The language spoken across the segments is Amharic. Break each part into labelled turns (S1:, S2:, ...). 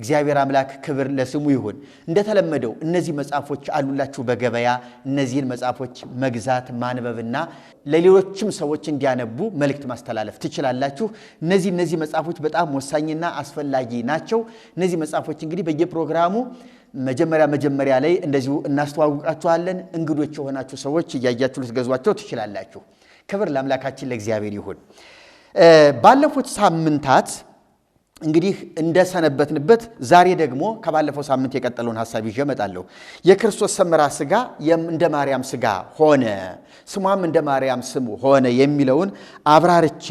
S1: እግዚአብሔር አምላክ ክብር ለስሙ ይሁን። እንደተለመደው እነዚህ መጽሐፎች አሉላችሁ በገበያ እነዚህን መጽሐፎች መግዛት ማንበብና ለሌሎችም ሰዎች እንዲያነቡ መልእክት ማስተላለፍ ትችላላችሁ። እነዚህ እነዚህ መጽሐፎች በጣም ወሳኝና አስፈላጊ ናቸው። እነዚህ መጽሐፎች እንግዲህ በየፕሮግራሙ መጀመሪያ መጀመሪያ ላይ እንደዚሁ እናስተዋውቃችኋለን። እንግዶች የሆናችሁ ሰዎች እያያችሁ ልትገዟቸው ትችላላችሁ። ክብር ለአምላካችን ለእግዚአብሔር ይሁን። ባለፉት ሳምንታት እንግዲህ እንደሰነበትንበት ዛሬ ደግሞ ከባለፈው ሳምንት የቀጠለውን ሀሳብ ይዤ እመጣለሁ። የክርስቶስ ሰምራ ስጋ እንደ ማርያም ስጋ ሆነ፣ ስሟም እንደ ማርያም ስም ሆነ የሚለውን አብራርቼ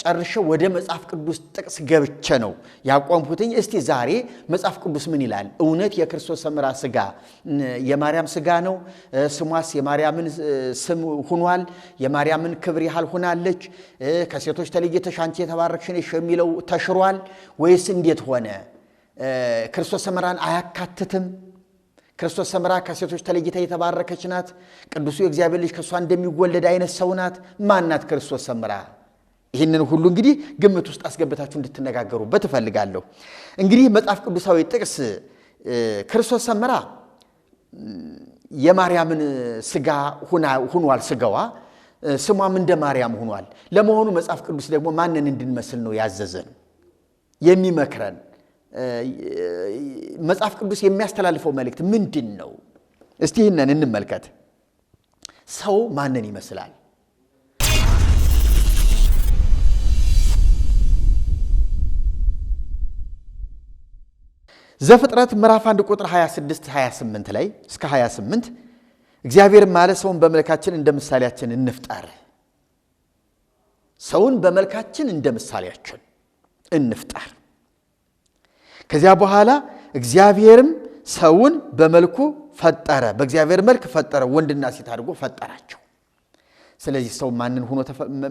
S1: ጨርሼ ወደ መጽሐፍ ቅዱስ ጥቅስ ገብቼ ነው ያቆምኩትኝ። እስቲ ዛሬ መጽሐፍ ቅዱስ ምን ይላል? እውነት የክርስቶስ ሠምራ ስጋ የማርያም ስጋ ነው? ስሟስ የማርያምን ስም ሁኗል? የማርያምን ክብር ያህል ሁናለች ከሴቶች ተለይተሽ አንቺ የተባረክሽ ነሽ የሚለው ተሽሯል ወይስ እንዴት ሆነ? ክርስቶስ ሠምራን አያካትትም? ክርስቶስ ሠምራ ከሴቶች ተለይታ የተባረከች ናት? ቅዱሱ የእግዚአብሔር ልጅ ከእሷ እንደሚወለድ አይነት ሰው ናት? ማን ናት ክርስቶስ ሠምራ? ይህንን ሁሉ እንግዲህ ግምት ውስጥ አስገብታችሁ እንድትነጋገሩበት እፈልጋለሁ። እንግዲህ መጽሐፍ ቅዱሳዊ ጥቅስ ክርስቶስ ሰምራ የማርያምን ስጋ ሁኗል፣ ስጋዋ ስሟም እንደ ማርያም ሁኗል። ለመሆኑ መጽሐፍ ቅዱስ ደግሞ ማንን እንድንመስል ነው ያዘዘን የሚመክረን? መጽሐፍ ቅዱስ የሚያስተላልፈው መልእክት ምንድን ነው? እስቲ ይህንን እንመልከት። ሰው ማንን ይመስላል? ዘፍጥረት ምዕራፍ 1 ቁጥር 26 28 ላይ እስከ 28 እግዚአብሔር ማለ ሰውን በመልካችን እንደ ምሳሌያችን እንፍጠር ሰውን በመልካችን እንደ ምሳሌያችን እንፍጠር። ከዚያ በኋላ እግዚአብሔርም ሰውን በመልኩ ፈጠረ፣ በእግዚአብሔር መልክ ፈጠረ፣ ወንድና ሴት አድርጎ ፈጠራቸው። ስለዚህ ሰው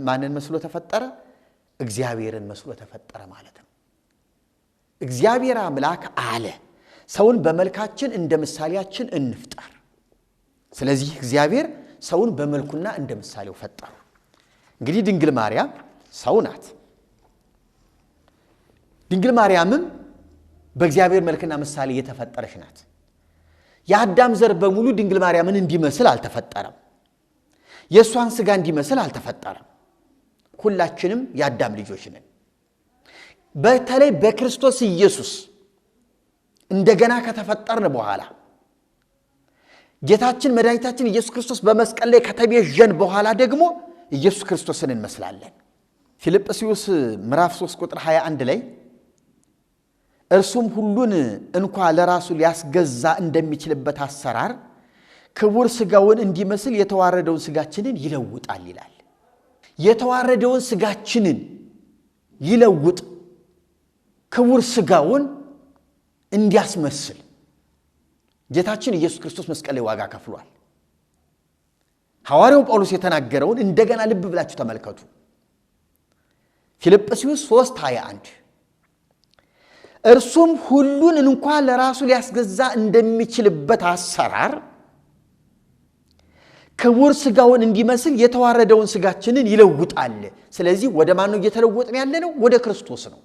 S1: ማንን መስሎ ተፈጠረ? እግዚአብሔርን መስሎ ተፈጠረ ማለት ነው። እግዚአብሔር አምላክ አለ ሰውን በመልካችን እንደ ምሳሌያችን እንፍጠር። ስለዚህ እግዚአብሔር ሰውን በመልኩና እንደ ምሳሌው ፈጠሩ። እንግዲህ ድንግል ማርያም ሰው ናት። ድንግል ማርያምም በእግዚአብሔር መልክና ምሳሌ የተፈጠረች ናት። የአዳም ዘር በሙሉ ድንግል ማርያምን እንዲመስል አልተፈጠረም። የእሷን ስጋ እንዲመስል አልተፈጠረም። ሁላችንም የአዳም ልጆች ነን። በተለይ በክርስቶስ ኢየሱስ እንደገና ከተፈጠርን በኋላ ጌታችን መድኃኒታችን ኢየሱስ ክርስቶስ በመስቀል ላይ ከተቤዠን በኋላ ደግሞ ኢየሱስ ክርስቶስን እንመስላለን። ፊልጵስዩስ ምዕራፍ 3 ቁጥር 21 ላይ እርሱም ሁሉን እንኳ ለራሱ ሊያስገዛ እንደሚችልበት አሰራር ክቡር ስጋውን እንዲመስል የተዋረደውን ስጋችንን ይለውጣል ይላል። የተዋረደውን ስጋችንን ይለውጥ ክቡር ስጋውን እንዲያስመስል ጌታችን ኢየሱስ ክርስቶስ መስቀል ላይ ዋጋ ከፍሏል። ሐዋርያው ጳውሎስ የተናገረውን እንደገና ልብ ብላችሁ ተመልከቱ። ፊልጵስዩስ 3 21 እርሱም ሁሉን እንኳ ለራሱ ሊያስገዛ እንደሚችልበት አሰራር ክቡር ስጋውን እንዲመስል የተዋረደውን ስጋችንን ይለውጣል። ስለዚህ ወደ ማን ነው እየተለወጥን ያለ ነው? ወደ ክርስቶስ ነው።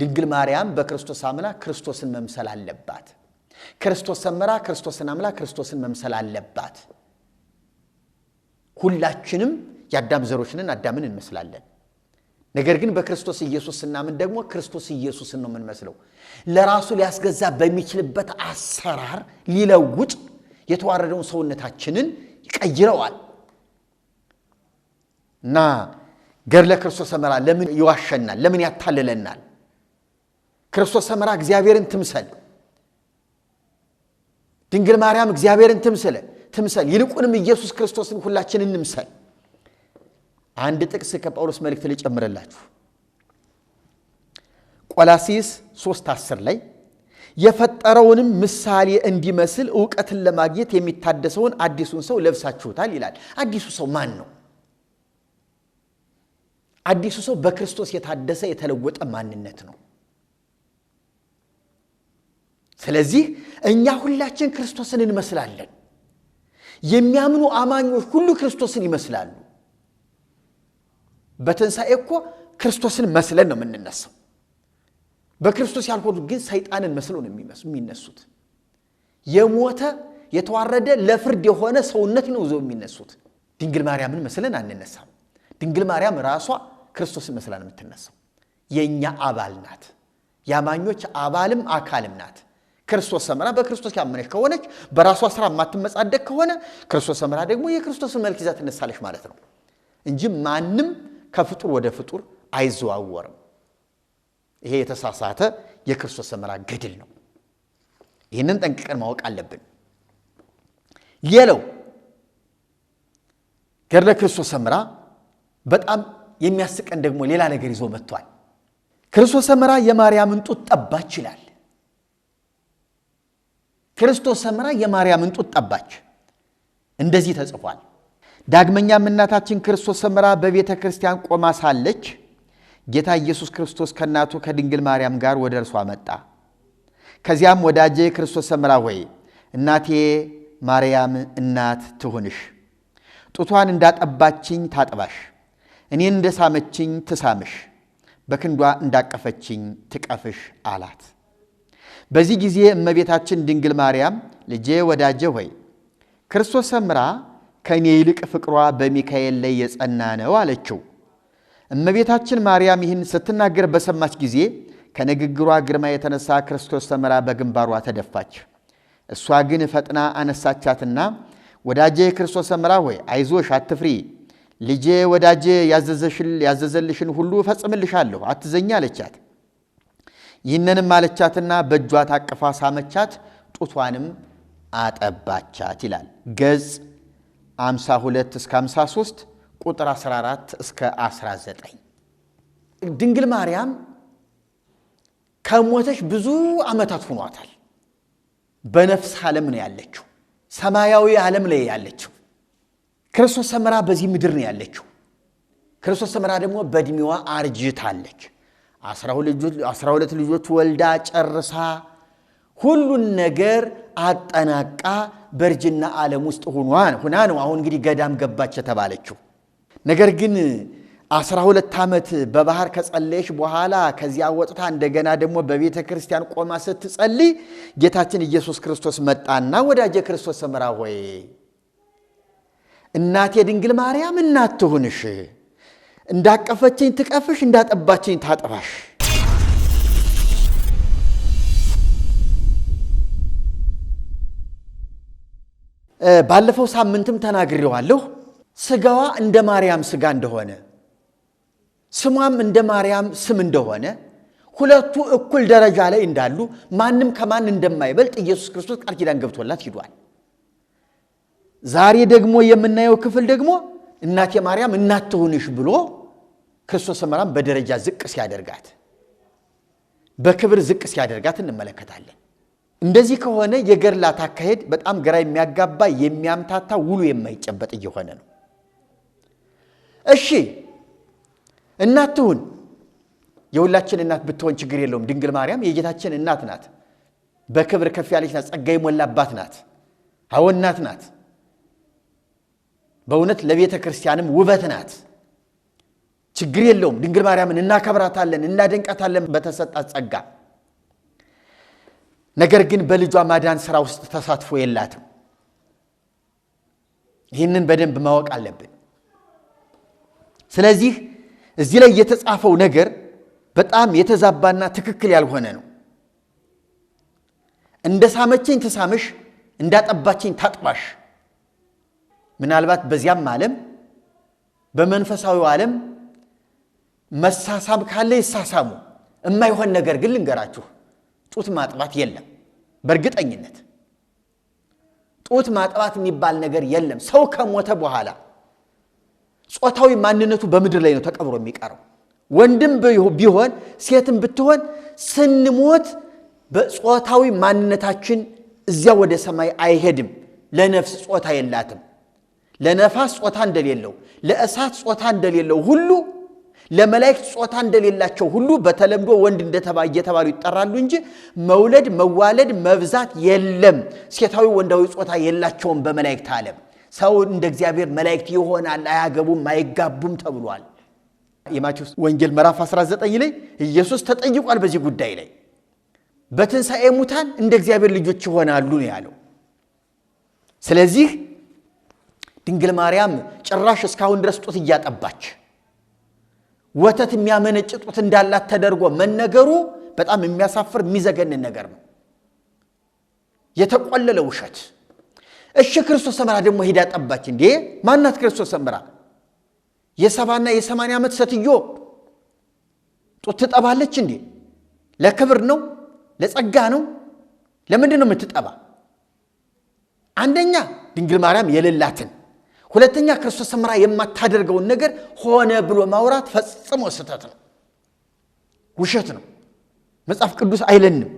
S1: ድንግል ማርያም በክርስቶስ አምላ ክርስቶስን መምሰል አለባት። ክርስቶስ ሰምራ ክርስቶስን አምላ ክርስቶስን መምሰል አለባት። ሁላችንም የአዳም ዘሮች አዳምን እንመስላለን። ነገር ግን በክርስቶስ ኢየሱስ ስናምን ደግሞ ክርስቶስ ኢየሱስን ነው የምንመስለው። ለራሱ ሊያስገዛ በሚችልበት አሰራር ሊለውጥ የተዋረደውን ሰውነታችንን ይቀይረዋል እና ገድለ ክርስቶስ ሰምራ ለምን ይዋሸናል? ለምን ያታልለናል? ክርስቶስ ሰምራ እግዚአብሔርን ትምሰል፣ ድንግል ማርያም እግዚአብሔርን ትምስለ ትምሰል፣ ይልቁንም ኢየሱስ ክርስቶስን ሁላችን እንምሰል። አንድ ጥቅስ ከጳውሎስ መልእክት ልጨምርላችሁ። ቆላሲስ 3 10 ላይ የፈጠረውንም ምሳሌ እንዲመስል እውቀትን ለማግኘት የሚታደሰውን አዲሱን ሰው ለብሳችሁታል ይላል። አዲሱ ሰው ማን ነው? አዲሱ ሰው በክርስቶስ የታደሰ የተለወጠ ማንነት ነው። ስለዚህ እኛ ሁላችን ክርስቶስን እንመስላለን። የሚያምኑ አማኞች ሁሉ ክርስቶስን ይመስላሉ። በትንሣኤ እኮ ክርስቶስን መስለን ነው የምንነሳው። በክርስቶስ ያልሆኑት ግን ሰይጣንን መስሎ ነው የሚነሱት። የሞተ የተዋረደ ለፍርድ የሆነ ሰውነት ነው ይዘው የሚነሱት። ድንግል ማርያምን መስለን አንነሳም። ድንግል ማርያም ራሷ ክርስቶስን መስላን የምትነሳው። የእኛ አባል ናት። የአማኞች አባልም አካልም ናት። ክርስቶስ ሰምራ በክርስቶስ ያመነች ከሆነች በራሷ ስራ የማትመጻደቅ ከሆነ ክርስቶስ ሰምራ ደግሞ የክርስቶስን መልክ ይዛ ትነሳለች ማለት ነው እንጂ ማንም ከፍጡር ወደ ፍጡር አይዘዋወርም። ይሄ የተሳሳተ የክርስቶስ ሰምራ ገድል ነው። ይህንን ጠንቅቀን ማወቅ አለብን። የለው ገድለ ክርስቶስ ሰምራ በጣም የሚያስቀን ደግሞ ሌላ ነገር ይዞ መጥቷል። ክርስቶስ ሰምራ የማርያምን ጡት ጠባች ይላል። ክርስቶስ ሰምራ የማርያምን ጡት ጠባች። እንደዚህ ተጽፏል። ዳግመኛም እናታችን ክርስቶስ ሰምራ በቤተ ክርስቲያን ቆማ ሳለች ጌታ ኢየሱስ ክርስቶስ ከእናቱ ከድንግል ማርያም ጋር ወደ እርሷ መጣ። ከዚያም ወዳጄ ክርስቶስ ሰምራ ሆይ እናቴ ማርያም እናት ትሁንሽ፣ ጡቷን እንዳጠባችኝ ታጥባሽ፣ እኔን እንደሳመችኝ ትሳምሽ፣ በክንዷ እንዳቀፈችኝ ትቀፍሽ አላት። በዚህ ጊዜ እመቤታችን ድንግል ማርያም ልጄ ወዳጄ ሆይ ክርስቶስ ሰምራ ከእኔ ይልቅ ፍቅሯ በሚካኤል ላይ የጸና ነው አለችው። እመቤታችን ማርያም ይህን ስትናገር በሰማች ጊዜ ከንግግሯ ግርማ የተነሳ ክርስቶስ ሰምራ በግንባሯ ተደፋች። እሷ ግን ፈጥና አነሳቻትና ወዳጄ የክርስቶስ ሰምራ ሆይ አይዞሽ፣ አትፍሪ ልጄ ወዳጄ ያዘዘልሽን ሁሉ እፈጽምልሻለሁ፣ አትዘኛ አለቻት። ይህንንም አለቻትና በእጇ ታቅፋ ሳመቻት፣ ጡቷንም አጠባቻት ይላል ገጽ 52 እስከ 53 ቁጥር 14 እስከ 19። ድንግል ማርያም ከሞተች ብዙ ዓመታት ሆኗታል። በነፍስ ዓለም ነው ያለችው፣ ሰማያዊ ዓለም ላይ ያለችው። ክርስቶስ ሰምራ በዚህ ምድር ነው ያለችው። ክርስቶስ ሰምራ ደግሞ በእድሜዋ አርጅታለች። አስራ ሁለት ልጆች ወልዳ ጨርሳ ሁሉን ነገር አጠናቃ በእርጅና ዓለም ውስጥ ሁኗን ሁና ነው አሁን እንግዲህ ገዳም ገባች የተባለችው። ነገር ግን አስራ ሁለት ዓመት በባህር ከጸለየች በኋላ ከዚያ ወጥታ እንደገና ደግሞ በቤተ ክርስቲያን ቆማ ስትጸልይ ጌታችን ኢየሱስ ክርስቶስ መጣና ወዳጄ ክርስቶስ ሰምራ ሆይ እናቴ ድንግል ማርያም እናት እንዳቀፈችኝ ትቀፍሽ፣ እንዳጠባችኝ ታጠባሽ። ባለፈው ሳምንትም ተናግሬዋለሁ። ስጋዋ እንደ ማርያም ስጋ እንደሆነ ስሟም እንደ ማርያም ስም እንደሆነ ሁለቱ እኩል ደረጃ ላይ እንዳሉ ማንም ከማን እንደማይበልጥ ኢየሱስ ክርስቶስ ቃል ኪዳን ገብቶላት ሂዷል። ዛሬ ደግሞ የምናየው ክፍል ደግሞ እናቴ ማርያም እናት ትሁንሽ ብሎ ክርስቶስ ሰምራን በደረጃ ዝቅ ሲያደርጋት፣ በክብር ዝቅ ሲያደርጋት እንመለከታለን። እንደዚህ ከሆነ የገድላት አካሄድ በጣም ግራ የሚያጋባ የሚያምታታ ውሉ የማይጨበጥ እየሆነ ነው። እሺ እናት ትሁን፣ የሁላችን እናት ብትሆን ችግር የለውም። ድንግል ማርያም የጌታችን እናት ናት። በክብር ከፍ ያለች ናት። ጸጋ የሞላባት ናት። አዎ እናት ናት። በእውነት ለቤተ ክርስቲያንም ውበት ናት። ችግር የለውም። ድንግል ማርያምን እናከብራታለን፣ እናደንቃታለን በተሰጣት ጸጋ። ነገር ግን በልጇ ማዳን ስራ ውስጥ ተሳትፎ የላትም። ይህንን በደንብ ማወቅ አለብን። ስለዚህ እዚህ ላይ የተጻፈው ነገር በጣም የተዛባና ትክክል ያልሆነ ነው። እንደ ሳመችኝ ትሳምሽ፣ እንዳጠባችኝ ታጥባሽ። ምናልባት በዚያም ዓለም በመንፈሳዊው ዓለም መሳሳብ ካለ ይሳሳሙ። የማይሆን ነገር ግን ልንገራችሁ፣ ጡት ማጥባት የለም። በእርግጠኝነት ጡት ማጥባት የሚባል ነገር የለም። ሰው ከሞተ በኋላ ጾታዊ ማንነቱ በምድር ላይ ነው ተቀብሮ የሚቀረው። ወንድም ቢሆን ሴትም ብትሆን ስንሞት በጾታዊ ማንነታችን እዚያ ወደ ሰማይ አይሄድም። ለነፍስ ጾታ የላትም። ለነፋስ ጾታ እንደሌለው፣ ለእሳት ጾታ እንደሌለው ሁሉ ለመላእክት ጾታ እንደሌላቸው ሁሉ በተለምዶ ወንድ እየተባሉ ይጠራሉ እንጂ መውለድ፣ መዋለድ፣ መብዛት የለም። ሴታዊ ወንዳዊ ጾታ የላቸውም በመላእክት ዓለም። ሰው እንደ እግዚአብሔር መላእክት ይሆናል፣ አያገቡም፣ አይጋቡም ተብሏል። የማቴዎስ ወንጌል ምዕራፍ 19 ላይ ኢየሱስ ተጠይቋል በዚህ ጉዳይ ላይ። በትንሣኤ ሙታን እንደ እግዚአብሔር ልጆች ይሆናሉ ነው ያለው። ስለዚህ ድንግል ማርያም ጭራሽ እስካሁን ድረስ ጡት እያጠባች ወተት የሚያመነጭ ጡት እንዳላት ተደርጎ መነገሩ በጣም የሚያሳፍር የሚዘገንን ነገር ነው። የተቆለለ ውሸት። እሺ ክርስቶስ ሰምራ ደግሞ ሄዳ ጠባች። እንዴ ማናት ክርስቶስ ሰምራ? የሰባና የሰማንያ ዓመት ሴትዮ ጡት ትጠባለች እንዴ? ለክብር ነው? ለጸጋ ነው? ለምንድን ነው የምትጠባ? አንደኛ ድንግል ማርያም የሌላትን ሁለተኛ ክርስቶስ ምራ የማታደርገውን ነገር ሆነ ብሎ ማውራት ፈጽሞ ስህተት ነው፣ ውሸት ነው። መጽሐፍ ቅዱስ አይለንም።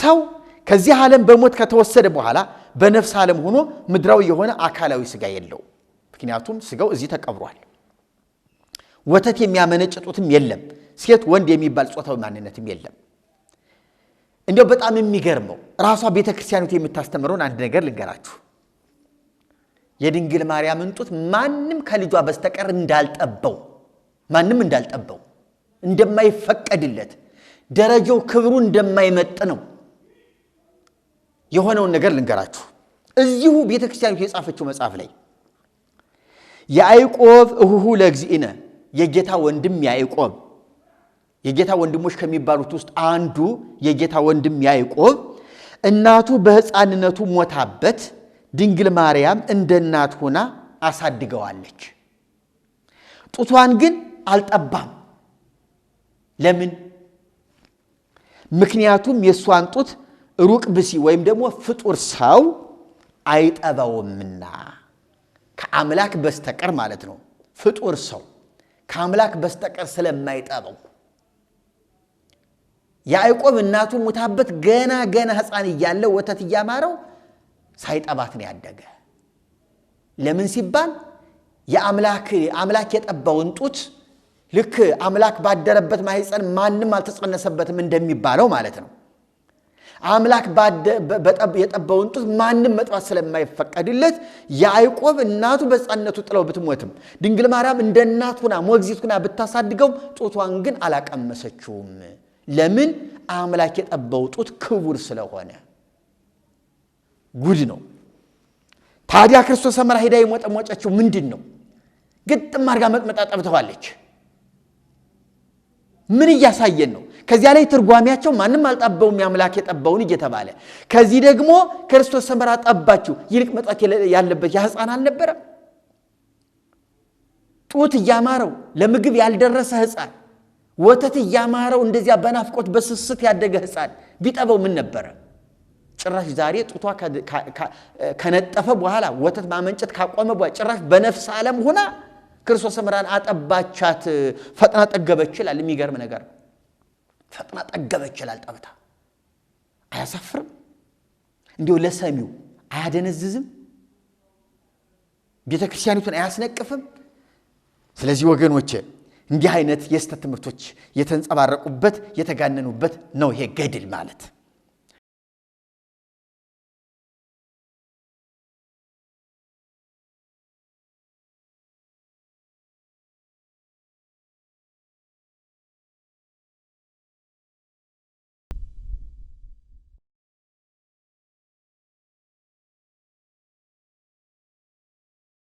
S1: ሰው ከዚህ ዓለም በሞት ከተወሰደ በኋላ በነፍስ ዓለም ሆኖ ምድራዊ የሆነ አካላዊ ስጋ የለው። ምክንያቱም ስጋው እዚህ ተቀብሯል። ወተት የሚያመነጭጡትም የለም። ሴት ወንድ የሚባል ጾታዊ ማንነትም የለም። እንዲያው በጣም የሚገርመው ራሷ ቤተ ክርስቲያኒቱ የምታስተምረውን አንድ ነገር ልንገራችሁ። የድንግል ማርያምን ጡት ማንም ከልጇ በስተቀር እንዳልጠበው ማንም እንዳልጠበው እንደማይፈቀድለት ደረጃው ክብሩ እንደማይመጥ ነው። የሆነውን ነገር ልንገራችሁ። እዚሁ ቤተ ክርስቲያን የጻፈችው መጽሐፍ ላይ የአይቆብ እሁሁ ለእግዚእነ የጌታ ወንድም ያይቆብ የጌታ ወንድሞች ከሚባሉት ውስጥ አንዱ የጌታ ወንድም ያይቆብ እናቱ በሕፃንነቱ ሞታበት ድንግል ማርያም እንደ እናት ሆና አሳድገዋለች። ጡቷን ግን አልጠባም። ለምን? ምክንያቱም የእሷን ጡት ሩቅ ብሲ ወይም ደግሞ ፍጡር ሰው አይጠባውምና ከአምላክ በስተቀር ማለት ነው። ፍጡር ሰው ከአምላክ በስተቀር ስለማይጠባው የአይቆብ እናቱ ሙታበት ገና ገና ህፃን እያለ ወተት እያማረው ሳይጠባት ነው ያደገ። ለምን ሲባል የአምላክ አምላክ የጠባውን ጡት ልክ አምላክ ባደረበት ማይፀን ማንም አልተጸነሰበትም እንደሚባለው ማለት ነው። አምላክ የጠባውን ጡት ማንም መጥባት ስለማይፈቀድለት የአይቆብ እናቱ በፃነቱ ጥለው ብትሞትም ድንግል ማርያም እንደ እናት ሁና ሞግዚት ሁና ብታሳድገው ጡቷን ግን አላቀመሰችውም። ለምን? አምላክ የጠባው ጡት ክቡር ስለሆነ ጉድ ነው። ታዲያ ክርስቶስ ሰመራ ሄዳ የሞጠሞጨችው ምንድን ነው? ግጥም አርጋ መቅመጣ ጠብተዋለች። ምን እያሳየን ነው? ከዚያ ላይ ትርጓሚያቸው ማንም አልጠበውም የአምላክ የጠባውን እየተባለ ከዚህ ደግሞ ክርስቶስ ሰመራ ጠባችው። ይልቅ መጣት ያለበት ያ አልነበረም ጡት እያማረው ለምግብ ያልደረሰ ህፃን ወተት እያማረው እንደዚያ በናፍቆት በስስት ያደገ ህፃን ቢጠበው ምን ነበረ? ጭራሽ ዛሬ ጡቷ ከነጠፈ በኋላ ወተት ማመንጨት ካቆመ በኋላ ጭራሽ በነፍስ ዓለም ሆና ክርስቶስ ሰምራን አጠባቻት፣ ፈጥና ጠገበች ይላል። የሚገርም ነገር ፈጥና ጠገበች ይላል። ጠብታ አያሳፍርም? እንዲሁ ለሰሚው አያደነዝዝም? ቤተ ክርስቲያኒቱን አያስነቅፍም? ስለዚህ ወገኖች እንዲህ አይነት የስተት ትምህርቶች የተንጸባረቁበት የተጋነኑበት ነው ይሄ ገድል ማለት።